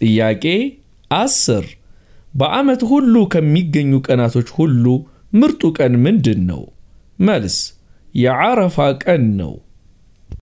ጥያቄ አስር በዓመት ሁሉ ከሚገኙ ቀናቶች ሁሉ ምርጡ ቀን ምንድን ነው? መልስ የዓረፋ ቀን ነው።